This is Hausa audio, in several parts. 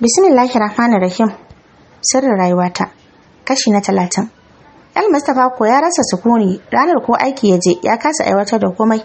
Bismillahir Rahmanir Rahim. Sirrin rayuwata. Kashi na talatin. Al mustafa ko ya rasa sukuni ranar ko aiki ya je ya kasa aiwatar da komai.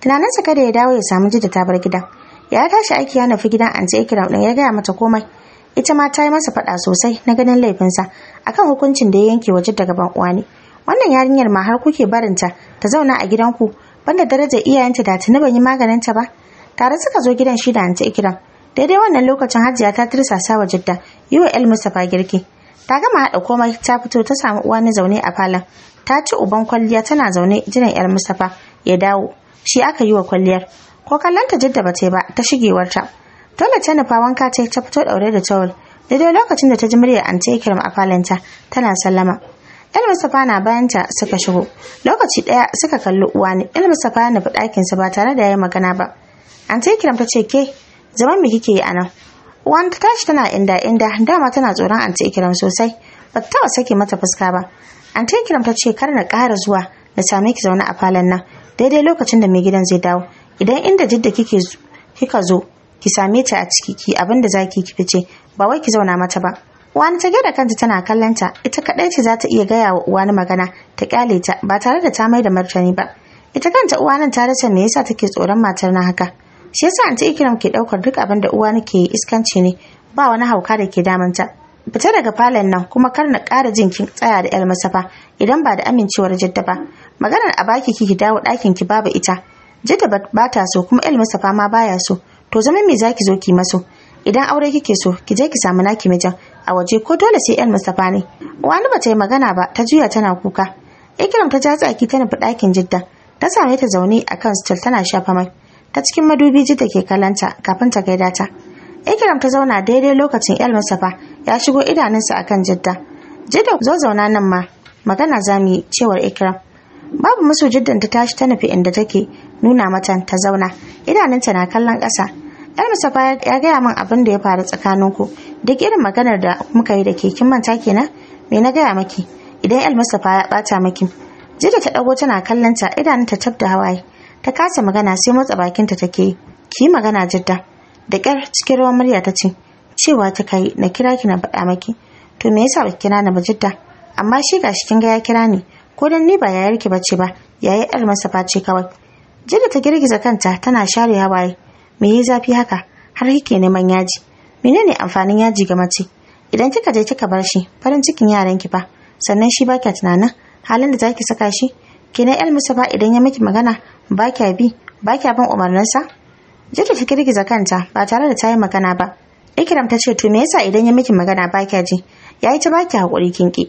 Tunaninsa kada ya dawo ya samu jidda ta bar gidan. Ya tashi aiki ya nufi gidan an sai kira din ya gaya mata komai. Ita ma ta yi masa faɗa sosai na ganin laifinsa akan hukuncin da ya yanke waje daga ban uwa ne. Wannan yarinyar ma har kuke barinta ta zauna a gidanku banda darajar iyayenta da tuni ban yi maganinta ba. Tare suka zo gidan shi da an Anti Ikram. daidai wannan lokacin hajiya ta tirsasa wa jidda yi wa el girki ta gama haɗa komai ta fito ta samu uwa na zaune a falon ta ci uban kwalliya tana zaune jiran yar mustafa ya dawo shi aka yi wa kwalliyar ko ta jidda ba ta yi ba ta shigewarta dole ta nufa wanka ta ta fito ɗaure da tawul daidai lokacin da ta ji muryar ante kirim a falonta tana sallama yar mustafa na bayanta suka shigo lokaci ɗaya suka kalli uwa ne el ya na ɗakinsa ba tare da ya yi magana ba an ante kirim ta ce ke zaman me kike yi anan uwan ta tashi tana inda inda dama tana tsoron anti ikiram sosai ba ta taɓa sake mata fuska ba anti ikiram ta ce kar na ƙara zuwa na same ki zauna a falon nan daidai lokacin da mai gidan zai dawo idan inda jidda kike kika zo ki same ta a ciki ki abin da zaki ki fice ba wai ki zauna mata ba uwani ta gyara kanta tana kallon ita kadai ce za ta iya gaya wa uwani magana ta kyale ta ba tare da ta mai da martani ba ita kanta uwanin ta rasa me yasa take tsoron matar na haka shi yasa anti ikiram ke daukar duk abin da uwa nake iskanci ne ba wani hauka da ke damanta fita daga falon nan kuma kar na ƙara jin kin tsaya da masafa idan ba da amincewar jadda ba maganar a baki ki dawo ɗakin ki babu ita jadda ba ta so kuma masafa ma baya so to zama me zaki zo ki maso idan aure kike so ki je ki samu naki mijin a waje ko dole sai yan masafa ne wani bata yi magana ba ta juya tana kuka ikiram ta ja tsaki tana fi ɗakin jidda ta same ta zaune a kan stool tana shafa mai ta cikin madubi ji take ke kalanta kafin ta gaida ta Ikram ta zauna daidai lokacin El mustafa. ya shigo idanunsa akan Jidda. Jidda zo zauna nan ma magana zamu yi cewar Ikram. Babu musu Jiddan ta tashi ta nufi inda take nuna mata ta zauna idanunta na kallon ƙasa. El mustafa ya gaya min abin da ya faru tsakaninku duk irin maganar da muka yi da ke kin manta kenan me na gaya maki idan El mustafa ya bata maki. Jidda ta dago tana kallon ta idanunta tab da hawaye. ta kasa magana sai motsa bakinta take yi ki yi magana jidda da ƙyar cikin ruwan murya ta ce cewa ta kai na kira ki na faɗa maki to me yasa baki kira na ba jidda amma shi ga shi kin ga ya kira ni ko dan ni ba yayar ki bace ba yayi yar masa face kawai jidda ta girgiza kanta tana share hawaye me yi zafi haka har kike neman yaji menene amfanin yaji ga mace idan kika je kika bar shi farin cikin yaran ki fa sannan shi baki tunanin halin da zaki saka shi kina yar masa ba idan ya miki magana ba kya bi ba kya bin umarninsa jita ta kirgiza kanta ba tare da ta yi magana ba ikiram ta ce to me yasa idan ya miki magana ba kya ji ya yi ta ba kya haƙuri kinki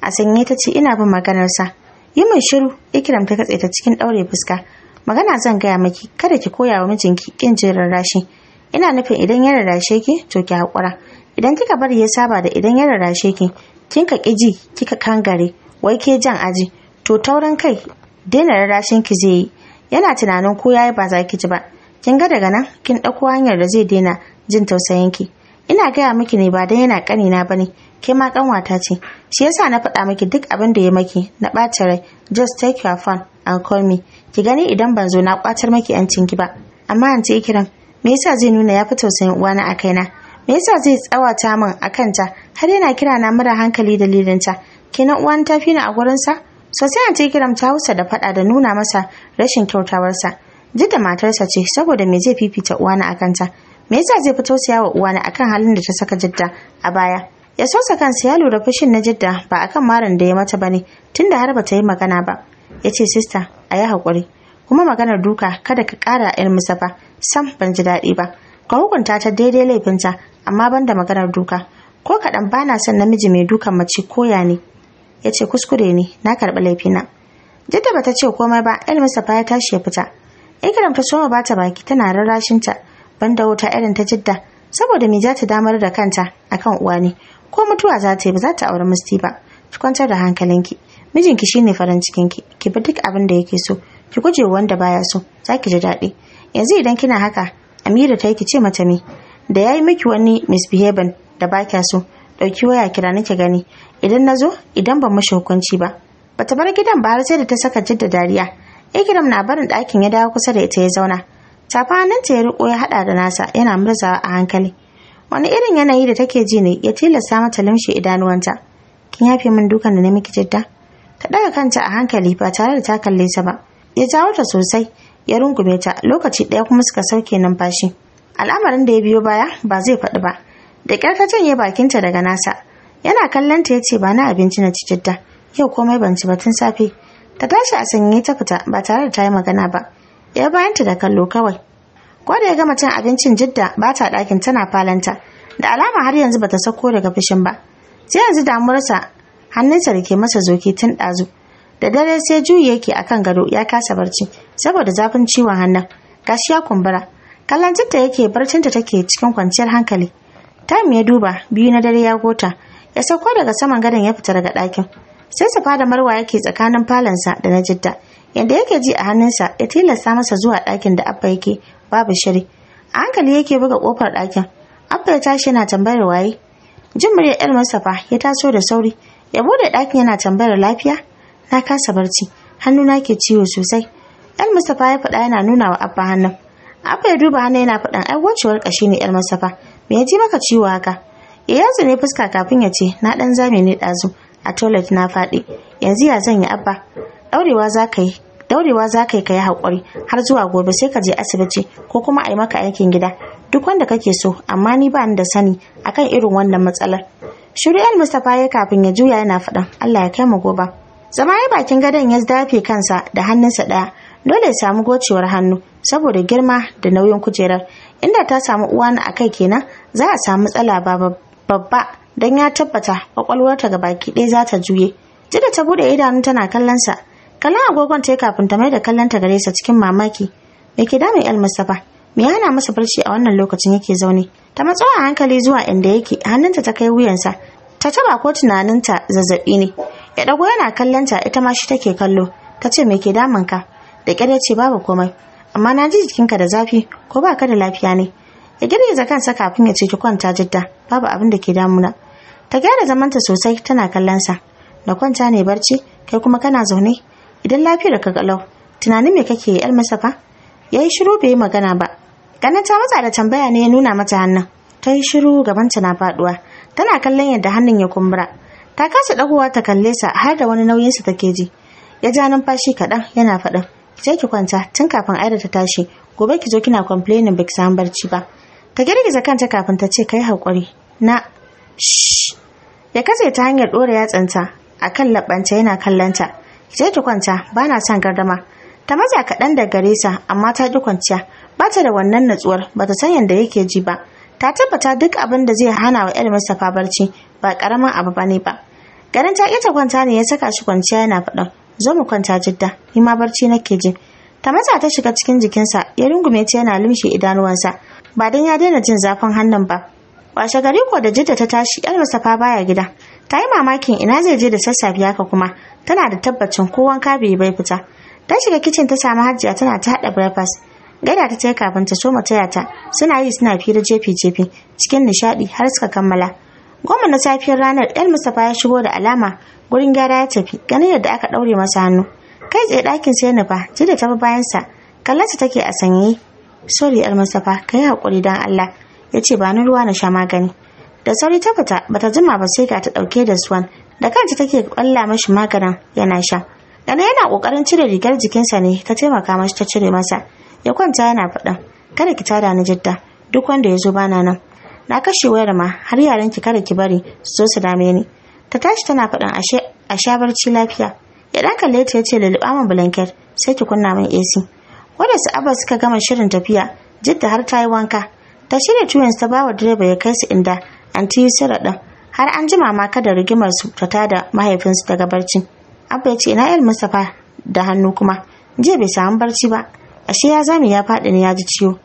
a sanye ta ce ina bin maganarsa yi mai shiru ikiram ta katse ta cikin ɗaure fuska magana zan gaya miki kada ki koya wa mijinki kin jin rarrashi ina nufin idan ya rarrashe ki to ki haƙura idan kika bari ya saba da idan ya rarrashe ki kin ka ƙiji kika kangare wai ke jan aji to taurin kai daina rarrashin ki zai yi yana tunanin ko yayi ba za ki ji ba kin ga daga nan kin ɗauko hanyar da zai daina jin tausayin ki ina gaya miki ne ba dan yana kani ba ne ke ma kanwata ce shi yasa na faɗa miki duk abin da ya maki na ɓacin rai just take your phone and call me ki gani idan ban zo na ƙwatar maki yancin ki ba amma an ce kiran me yasa zai nuna ya fi tausayin uwana a na? me yasa zai tsawata min a kanta har yana kira na mara hankali dalilinta kenan uwan ta fi ni a gurinsa Sosai ta kiram ta hausa da faɗa da nuna masa rashin kyautawarsa. Jidda matarsa ce saboda me zai fifita uwana akan ta. Me yasa zai fito siya wa uwana akan halin da ta saka Jidda a baya? Ya sosa kansa ya lura fushin na Jidda ba akan maran da ya mata bane tunda har ba ta yi magana ba. Ya ce sista a yi haƙuri kuma maganar duka kada ka ƙara ‘yan musa ba sam ban ji daɗi ba. Ka hukunta ta daidai laifinta amma ban da maganar duka. Ko kaɗan na son namiji mai dukan mace koya ne. ya ce kuskure ne na karɓi laifina jidda ba bata ce komai ba elmisa safa ya tashi ya fita ikiram ta soma ba ta baki tana rarrashinta da wuta irin ta jidda saboda me za ta damar da kanta akan uwa ne ko mutuwa za ta yi ba za ta auri musti ba ki kwantar da hankalinki mijinki shine farin cikinki ki bi duk abin da yake so ki guje wanda baya so za ki ji daɗi yanzu idan kina haka amira ta yi ki ce mata me da ya yi miki wani misbehaving da ba kya so ɗauki waya kira nake gani idan na zo idan ban mashi hukunci ba bata bar gidan ba har sai da ta saka jidda dariya eh, ikiram na barin ɗakin ya dawo kusa da ita ya zauna tafa hannunta ya riko ya haɗa da nasa yana murzawa a hankali wani irin yanayi da take ji ne ya tilasta mata limshe idanuwanta kin yafe min dukan da na miki jidda ta ɗaga kanta a hankali ba tare da ta kalle sa ba ya jawo ta sosai ya rungume ta lokaci ɗaya kuma suka sauke numfashi al'amarin da ya biyo baya ba zai faɗi ba da ƙyar ta janye bakinta daga nasa yana kallon ta yace ba na abinci na ci jidda yau komai ban ci ba tun safe ta tashi a sanye ta fita ba tare da ta yi magana ba ya bayan ta da kallo kawai ko da ya gama cin abincin jidda ba ta ɗakin tana falanta da alama har yanzu ba ta sako daga fushin ba sai yanzu damuwarsa hannunsa da ke masa zoki tun ɗazu da dare sai juyi yake kan gado ya kasa barci saboda zafin ciwon hannun gashi ya kumbura kallon jidda yake barcinta take cikin kwanciyar hankali Tam ya duba biyu na dare ya gota. Ya sauko daga saman gadon ya fita daga ɗakin. Sai safa da marwa yake tsakanin falonsa da na jidda. Yadda yake ji a hannunsa ya tilasta masa zuwa ɗakin da abba yake babu shiri. A hankali yake buga ƙofar ɗakin. Abba ya tashi yana tambayar waye. Jin muryar ƴar Mustapha ya taso da sauri. Ya bude ɗakin yana tambayar lafiya. Na kasa barci. Hannuna ke ciwo sosai. Ƴar Mustapha ya faɗa yana nuna wa Abba hannun. Abba ya duba hannun yana faɗan ai wacewar ƙashi ne ƴar Mustapha. me ya ji maka ciwo haka eh, ya yatsu ne fuska kafin ya ce na dan zame ne ɗazu a toilet na faɗi yanzu ya zan yi abba daurewa za ka yi daurewa za ka yi ka yi haƙuri har zuwa gobe sai ka je asibiti ko kuma a yi maka aikin gida duk wanda kake so amma ni ba ni da sani akan irin wannan matsalar shuri'ar mustapha ya kafin ya juya yana faɗan allah ya kai mu gobe zama ya bakin gadon ya dafe kansa da hannunsa ɗaya dole ya samu gocewar hannu saboda girma da nauyin kujerar inda ta samu na a kai kenan za a samu tsala ba babba don ya tabbata kwakwalwarta ga baki ɗaya za ta juye jida ta bude idanu tana kallon sa kallon agogon ta kafin ta mai da kallon ta gare sa cikin mamaki me ke damun el mustapha me yana masa barci a wannan lokacin yake zaune ta matsa a hankali zuwa inda yake hannunta ta kai wuyansa ta taba ko tunanin ta zazzabi ne ya dago yana kallon ta ita ma shi take kallo ta ce me ke damun ka da kyar ya ce babu komai amma na ji jikinka da zafi ko ba ka da lafiya ne ya girgiza kansa kafin ya ce ki kwanta jidda babu abin da ke damuna ta gyara zamanta sosai tana kallon sa da kwanta ne barci kai kuma kana zaune idan lafiyar ka galau tunanin me kake yi almasaka ya yi shiru bai yi magana ba ganin ta matsa da tambaya ne ya nuna mata hannun ta yi shiru gabanta na faduwa tana kallon yadda hannun ya kumbura ta kasa dagowa ta kalle sa har da wani nauyin nauyinsa take ji ya ja numfashi kaɗan yana faɗin je ki kwanta tun kafin aida ta tashi gobe ki zo kina complaining baki samu barci ba Ka girgiza kanta kafin ta ce kai hakuri na shh ya katse ta hanyar dora yatsanta akan labanta yana kallanta je ki kwanta bana son gardama ta maza kaɗan da gare sa amma ta ki kwanciya ba ta da wannan natsuwar ba ta san yadda yake ji ba ta tabbata duk abin da zai hana wa yar safa barci ba ƙaramin abu ba ne ba garin ta ita kwanta ne ya saka shi kwanciya yana faɗan zo mu kwanta jidda ni ma barci nake jin ta matsa ta shiga cikin jikinsa ya rungume ta yana lumshe idanuwansa ba dan ya daina jin zafin hannun ba washe gari ko da jidda ta tashi yar masafa baya gida ta yi mamakin ina zai je da sassafe haka kuma tana da tabbacin ko wanka bai bai fita ta shiga kicin ta samu hajjiya tana ta hada breakfast gaida ta tai kafin ta soma taya ta suna yi suna fira jefi jefi cikin nishaɗi har suka kammala goma na safiyar ranar yar mustapha ya shigo da alama gurin gyara ya tafi ganin yadda aka ɗaure masa hannu kai tsaye ɗakin sai nufa da ta bayansa kallarsa take a sanye sori almustapha ka yi haƙuri don allah ya ce ba ni ruwa na sha magani da sauri ta fita bata jima ba sai ga ta ɗauke da suwan da kanta take ƙwalla mashi maganin yana sha Gani yana ƙoƙarin cire rigar jikinsa ne ta taimaka mashi ta cire masa ya kwanta yana faɗan. kada ki tada ni jidda duk wanda ya zo bana nan na kashe wayar ma har yaran ki kada ki bari su zo su dame ni ta tashi tana faɗin a sha barci lafiya ya ɗan kalle ta yace lulluɓa min blanket sai ki kunna min AC wanda su abba suka gama shirin tafiya jidda har ta yi wanka ta shirya tuwon ta bawa direba ya kai su inda anti Yusra ɗin har an ma kada rigimar su ta tada mahaifinsu daga barci abba ya ce ina el Mustapha da hannu kuma jiya bai samu barci ba ashe ya zame ya faɗi ne ya ji ciwo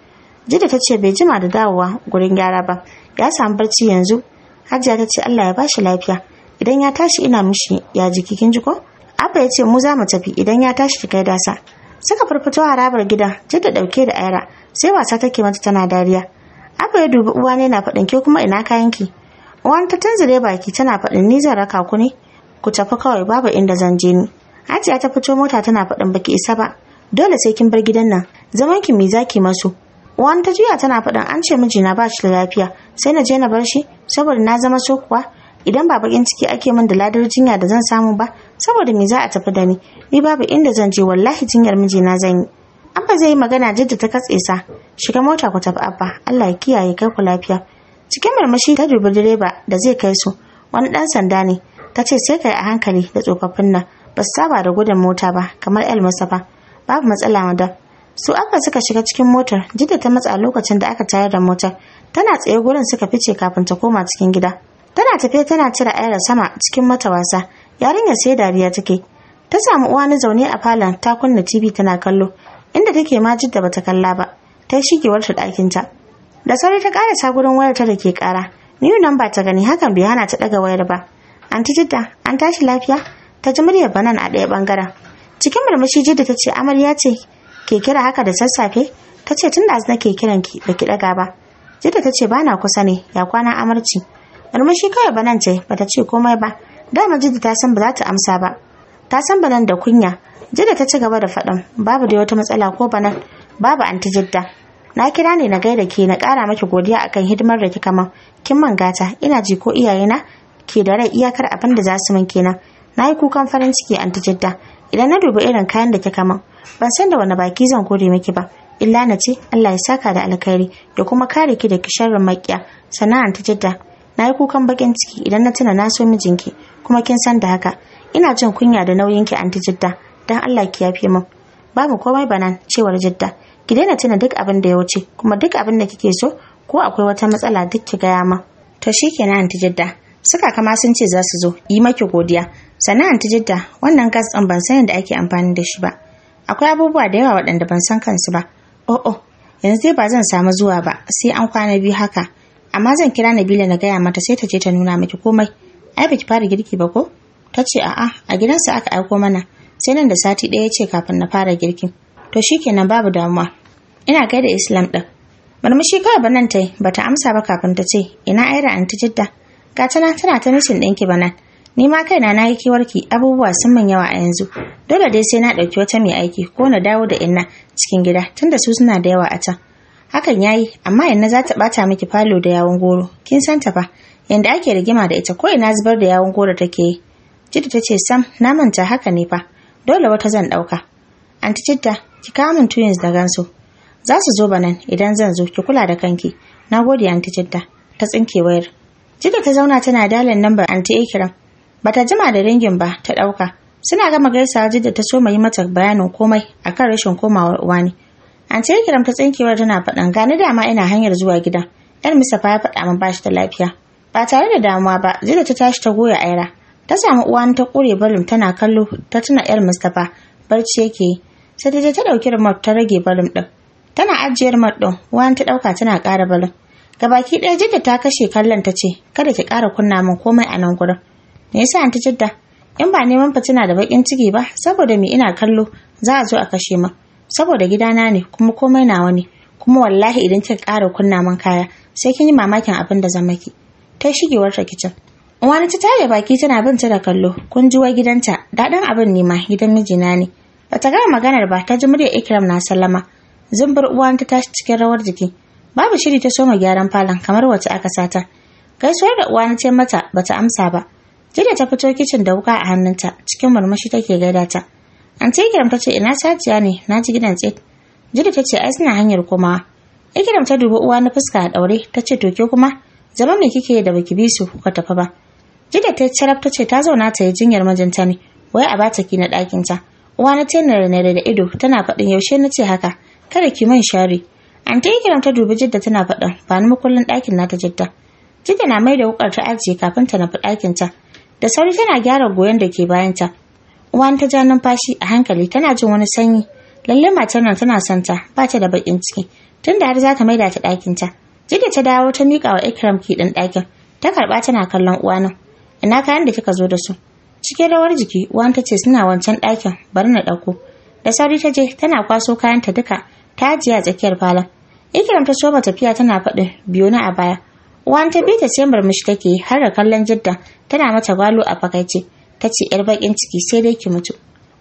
jidda ta ce bai jima da dawowa gurin gyara ba ya samu barci yanzu hajiya ta ce Allah ya bashi lafiya idan ya tashi ina mishi ya jiki kin ji ko abba ya ce mu za mu tafi idan ya tashi ki kai dasa suka farfato harabar gidan jidda dauke da ayara sai wasa take mata tana dariya abba ya dubi uwa ne na faɗin ke kuma ina kayan ki uwan ta tanzire baki tana faɗin ni zan raka ku ne ku tafi kawai babu inda zan je ni hajiya ta fito mota tana faɗin baki isa ba dole sai kin bar gidan nan zaman ki me zaki masu uwan ta juya tana faɗin an ce mijina ba shi da lafiya sai na je na bar shi saboda na zama so kuwa idan ba bakin ciki ake min da ladar jinya da zan samu ba saboda me za a tafi da ni ni babu inda zan je wallahi jinyar mijina zan yi abba zai yi magana jidda ta katse sa shiga mota ku tafi abba Allah ya kiyaye kai ku lafiya cikin marmashi ta dubi direba da zai kai su wani dan sanda ne ta ce sai kai a hankali da tsofaffin nan ba su saba da gudun mota ba kamar el musafa babu matsala ma da su abba suka shiga cikin motar jidda ta matsa lokacin da aka tayar da motar tana tsaye gurin suka fice kafin ta koma cikin gida tana tafe tana cire ayar sama cikin mata wasa yarinyar sai dariya take ta samu uwa ni zaune a falon ta kunna tv tana kallo inda take ma jidda bata kalla ba ta yi shigewar ɗakin ta da sauri ta sa gurin wayar ta da ke kara new number ta gani hakan bai hana ta daga wayar ba anti jidda an tashi lafiya ta ji muryar banan a ɗaya bangaren cikin murmushi jidda ta ce amarya ce ke kira haka da sassafe ta ce tun da ke kiran ki baki daga ba jidda ta ce bana kusa ne ya kwana amarci shi kawai ba nan ce ba ta ce komai ba dama jidda ta san ba za ta amsa ba ta san banan da kunya jidda ta ci gaba da faɗin babu da wata matsala ko banan babu anti jidda na kira ne na gaida ke na ƙara maki godiya akan hidimar da kika min kin man gata ina ji ko iyaye na ke da rai iyakar abin da za su min kenan na yi kukan farin ciki anti jidda idan na duba irin kayan da kika min ban san da wani baki zan gode miki ba illa na ce Allah ya saka da alkhairi ya kuma kare ki da kisharin makiya sana'an ta jidda na yi kukan bakin ciki idan na tuna na so mijinki kuma kin san da haka ina jin kunya da nauyinki anti jidda dan Allah ki yafe min babu komai banan cewar jidda ki daina tuna duk abin da ya wuce kuma duk abin da kike so ko akwai wata matsala duk ki gaya ma? to shikenan anti jidda suka kama sun ce za su zo yi maki godiya sannan anti jidda wannan gas din ban san yadda ake amfani da shi ba akwai abubuwa da yawa waɗanda ban san kansu ba oh oh yanzu dai ba zan samu zuwa ba sai an kwana biyu haka amma zan kira Nabila na gaya mata sai ta je ta nuna miki komai ai baki fara girki ba ko ta ce a'a a gidansa aka aiko mana sai nan da sati ɗaya ce kafin na fara girki. to shikenan babu damuwa ina da Islam ɗin. murmushi kawai banan tai bata amsa ba kafin ta ce ina aira anti jidda ga tana tana ta mishin ɗinki banan ni ma kaina na yi kiwarki abubuwa sun min yawa a yanzu dole dai sai na ɗauki wata mai aiki ko na dawo da inna cikin gida tunda su suna da yawa a can hakan yayi amma yanna za ta bata miki falo da yawon goro kin san ta fa yanda ake rigima da ita ko ina zubar da yawon goro take yi jidda ta ce sam na manta haka ne fa dole wata zan dauka anti jidda ki kawo min twins da gansu za su zo banan idan zan zo ki kula da kanki nagode anti jidda ta tsinke wayar jidda ta zauna tana dalin lambar anti ikiram bata jima da ringin ba ta dauka suna gama gaisawa jidda ta so mai mata bayanin komai akan rashin komawar Uwani. an ce kiram ta tsinkewar tana faɗan gani dama ina hanyar zuwa gida yar misafa ya faɗa min bashi da lafiya ba tare da damuwa ba zira ta tashi ta goya aira ta samu uwan ta kure balum tana kallo ta tuna yar mustapha barci yake sai ta je ta ɗauki remote ta rage balum ɗin. tana ajiyar remote din uwan ta ɗauka tana ƙara balum gabaki ɗaya jidda ta kashe kallon ta ce kada ki ƙara kunna min komai a nan gurin me yasa an ta jidda in ba neman fitina da bakin ciki ba saboda me ina kallo za a zo a kashe min saboda gidana ne kuma komai nawa ne kuma wallahi idan kika ƙara kunna man kaya sai kin yi mamakin abin da zan ki ta shigewar ta kicin wani ta tare baki tana bin ta da kallo kun ji wai gidanta daɗin abin ne ma gidan mijina ne bata gama maganar ba ta ji muryar ikram na sallama zumbur uwan ta tashi cikin rawar jiki babu shiri ta soma gyaran falon kamar wacce aka sata gaisuwar da uwa ce mata bata amsa ba Jirya ta fito kicin da wuka a hannunta cikin murmushi take gaida ta anti ce ta ce ina cajiya ne na ji gidan tsit jiri ta ce ai suna hanyar kuma ikiram ta dubi uwa na fuska a daure ta ce toke kuma zama me kike da baki bi su kuka tafi ba jida ta carab ta ce ta zauna ta yi jinyar majinta ne wai a bata ki na ɗakin ta uwa na ce na da ido tana faɗin yaushe na ce haka kada ki man share Anti ta ta dubi jidda tana faɗin ba ni makullin ɗakin na ta jidda jidda na mai da wukar ta ajiye kafin ta nufi ɗakin ta da sauri tana gyara goyon da ke bayan bayanta uwan ta ja numfashi a hankali tana jin wani sanyi Lallai matar nan tana son ta ba ta da bakin ciki tunda har za ta maida ta ɗakin ta jide ta dawo ta miƙa wa ikram ki ɗin ɗakin ta karɓa tana kallon uwa uwanin ina kayan da kika zo da su cikin rawar jiki uwan ta ce suna wancan ɗakin bari na ɗauko da sauri ta je tana kwaso kayan ta duka ta ajiye a tsakiyar falon ikram ta soba tafiya tana faɗin biyu na a baya uwan ta bi ta sai murmushi take har da kallon jidda tana mata gwalo a fakaice ta ce yar bakin ciki sai dai ki mutu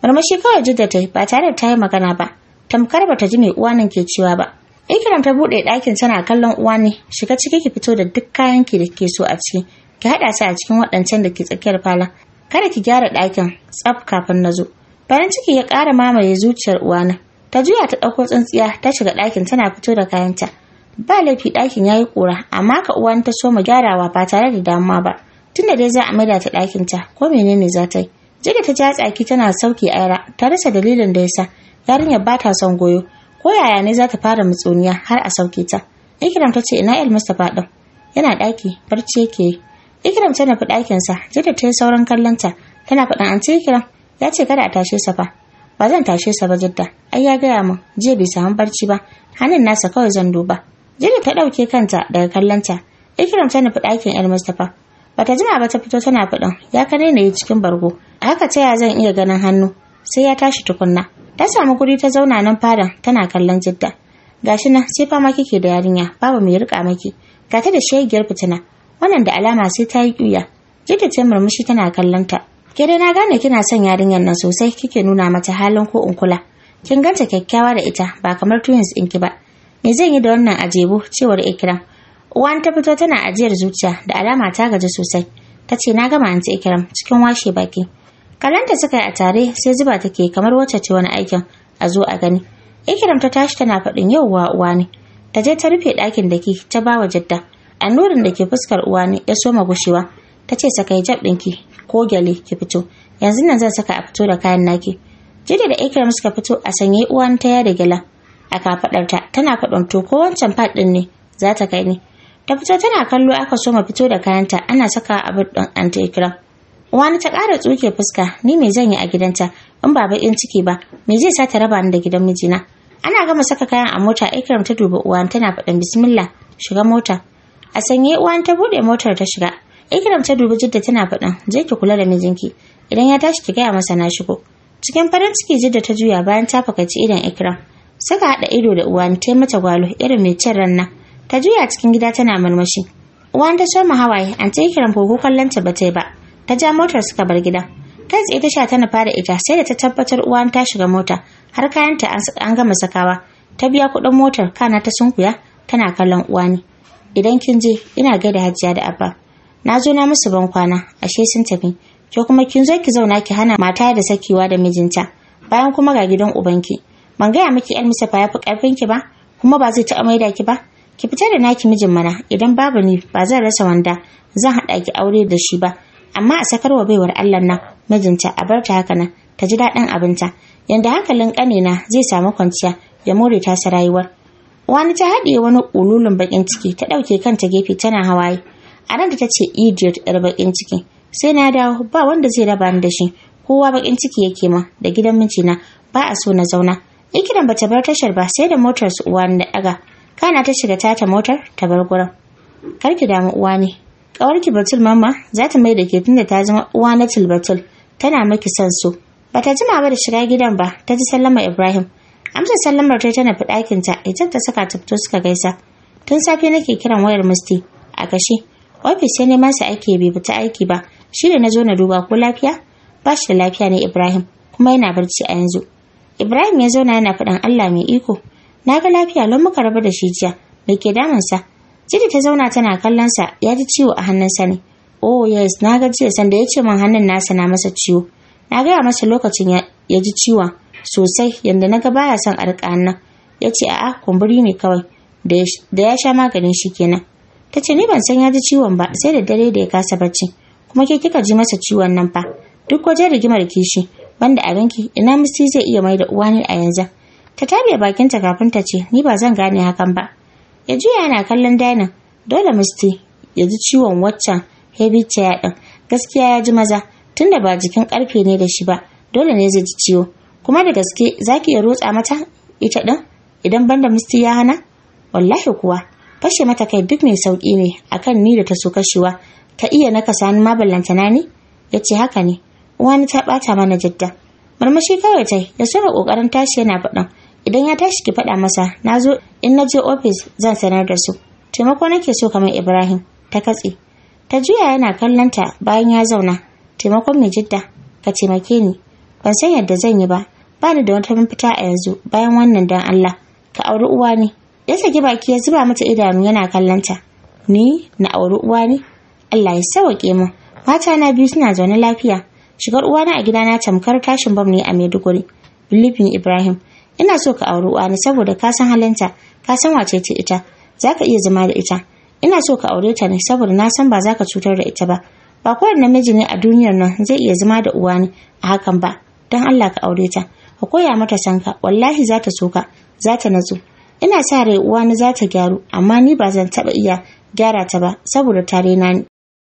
marmashi kawai jidda ta ba tare da ta yi magana ba tamkar ba ta ji me uwa nan ke cewa ba ikiran ta buɗe ɗakin tana kallon uwa ne shiga ciki ki fito da duk kayan ki da ke so a ciki ki haɗa su a cikin waɗancan da ke tsakiyar fala kada ki gyara ɗakin tsaf kafin na zo farin ciki ya ƙara mamaye zuciyar uwa na. ta juya ta ɗauko tsintsiya ta shiga ɗakin tana fito da kayanta ba laifi ɗakin ya yi ƙura amma ka uwan ta so mu gyarawa ba tare da damuwa ba tunda dai za a maida ta ɗakin ta ko menene za ta yi jida ta ja tsaki tana sauki aira ta rasa dalilin da yasa yarinyar ba ta son goyo ko yaya ne za ta fara mutsuniya har a sauke ta ikiram ta ce ina el mustapha ɗin yana ɗaki barci yake yi. ikiram ta nufi ɗakin sa jida ta yi sauran kallon ta tana faɗin an ce ikiram ya ce kada a tashe sa fa ba zan tashe sa ba jidda ai ya gaya min jiya bai samu barci ba hannun nasa kawai zan duba jida ta ɗauke kanta daga kallon ta ikiram ta nufi ɗakin el mustapha bata jima ba ta fito tana faɗin ya ka yi cikin bargo A haka ta ya zan iya ganin hannu sai ya tashi tukunna ta samu guri ta zauna nan fadan tana kallon jidda gashi nan sai fama kike da yarinya babu mai rika maki ga ta da shegiyar fitina wannan da alama sai ta yi ƙuya jidda ta murmushi tana kallon ta ke dai na gane kina son yarinyar nan sosai kike nuna mata halin ko in kula kin ganta kyakkyawa da ita ba kamar twins ɗinki ba me zan yi da wannan ajebu cewar ikram Uwan ta fito tana ajiyar zuciya da alama ta gaji sosai. Ta ce na gama anti Ikram cikin washe baki. Kalanta suka yi a tare sai zuba take kamar wacce ce wani aikin a zo a gani. Ikram ta tashi tana faɗin yauwa uwa ne. Ta je ta rufe ɗakin da ke ta bawa jadda. nurin da ke fuskar uwa ne ya soma gushewa. Ta ce saka hijab ɗinki ko gyale ki fito. Yanzu nan zan saka a fito da kayan naki. Jida da Ikram suka fito a sanye uwan ta ya da gyala. A kafaɗarta tana faɗin to ko wancan faɗin ne za ta kai ni. ta fito tana kallo aka so ma fito da kayanta ana saka abu ɗin anti ikram wani ta ƙara tsuke fuska ni me zan yi a gidanta in ba baƙin ciki ba me zai sa ta raba ni da gidan mijina ana gama saka kayan a mota ikram ta duba uwan tana faɗin bismillah shiga mota a sanye uwan ta buɗe motar ta shiga ikram ta duba jidda tana faɗin je ki kula da mijinki idan ya tashi ki gaya masa na shigo cikin farin ciki jidda ta juya bayan ta fakaci idan ikram saka haɗa ido da uwan ta mata gwalo irin mai cin ranna ta juya cikin gida tana murmushi uwan ta sharma hawaye an ta kiran kallon bata yi ba ta ja motar suka bar gida. kai tsaye ta sha ta nufa da ita sai da ta tabbatar uwan ta shiga mota har kayanta an gama sakawa ta biya kuɗin motar kana ta sunkuya tana kallon uwa ne. idan kin je ina gaida hajiya da abba na zo na musu ban kwana ashe sun tafi ke kuma kin zo ki zauna ki hana mata da sakiwa da mijinta bayan kuma ga gidan ubanki ban gaya miki yan misafa ya fi karfin ki ba kuma ba zai taɓa maida ki ba ki fita da naki mijin mana idan babu ni ba zan rasa wanda zan haɗa ki aure da shi ba amma a sakarwa baiwar Allah nan mijinta a barta haka nan ta ji daɗin abinta yanda hankalin ƙanina zai samu kwanciya ya more ta sa rayuwar wani ta haɗiye wani kululun bakin ciki ta ɗauke kanta gefe tana hawaye a nan da ta ce idiot ɗar bakin ciki sai na dawo ba wanda zai raba ni da shi kowa bakin ciki yake ma da gidan mijina ba a so na zauna ikiran bata bar tashar ba sai da motar su uwa na ɗaga kana ta shiga tata motar ta bar gurin kar ki damu uwa ne ƙawarki batul mamma za ta mai da ke tunda ta zama uwa na tilbatul tana maki son so ba ta jima ba da shiga gidan ba ta ji sallama ibrahim amsa sallamar ta tana ɗakin ta ita ta saka ta fito suka gaisa tun safe nake kiran wayar musti a kashe ofis sai neman sa ake bai fita aiki ba shi da na zo na duba ko lafiya ba shi da lafiya ne ibrahim kuma yana barci a yanzu ibrahim ya zauna yana faɗin allah mai iko na ga lafiya lon muka rabu da shi jiya me ke damunsa Jiri ta zauna tana kallon sa ya ji ciwo a hannunsa ne oh yes na ga jiya sanda ya ce min hannun nasa na masa ciwo na gaya masa lokacin ya ji ciwon sosai yadda na ga baya son a riƙa ya ce a'a kumburi ne kawai da ya sha maganin shi kenan ta ce ni ban san ya ji ciwon ba sai da dare da ya kasa bacci kuma ke kika ji masa ciwon nan fa duk wajen rigimar kishi banda abinki ina misti zai iya mai da uwa ne a yanzu ta tabe bakinta kafin ta ce ni ba zan gane hakan ba ya juya yana kallon dainin dole musti ya ji ciwon waccan heavy chair din gaskiya ya ji maza tunda ba jikin karfe ne da shi ba dole ne zai ji ciwo kuma da gaske zaki ya rotsa mata ita din idan banda musti ya hana wallahi kuwa fashe mata kai duk mai sauki ne akan ni da ta so kashewa ta iya naka sani ma na ne ya ce haka ne uwani ta bata mana jadda murmushi kawai ta ya sura kokarin tashi yana faɗan idan ya tashi ki faɗa masa na zo in na je ofis zan sanar da su taimako nake so kamar ibrahim ta katse ta juya yana kallon bayan ya zauna taimakon mai jidda ka taimake ni ban san yadda zan yi ba ba ni da wata mafita a yanzu bayan wannan dan allah ka auri uwa ne ya saki baki ya zuba mata idanu yana kallon ni na auri uwa ne allah ya sawaƙe mu mata na biyu suna zaune lafiya shigar uwana a gidana tamkar tashin bam ne a maiduguri bilifin ibrahim ina so ka auri uwa uwani saboda ka san halinta ka san wace ce ita za ka iya zama da ita ina so ka aure ta ne saboda na san ba za ka cutar da ita ba ba kowane namiji ne a duniyar nan zai iya zama da uwa uwani a hakan ba don Allah ka aure ta ka koya mata sanka wallahi za ta so ka za ta natsu ina sa rai uwa uwani za ta gyaru amma ni ba zan taba iya gyara ta ba saboda tare na ni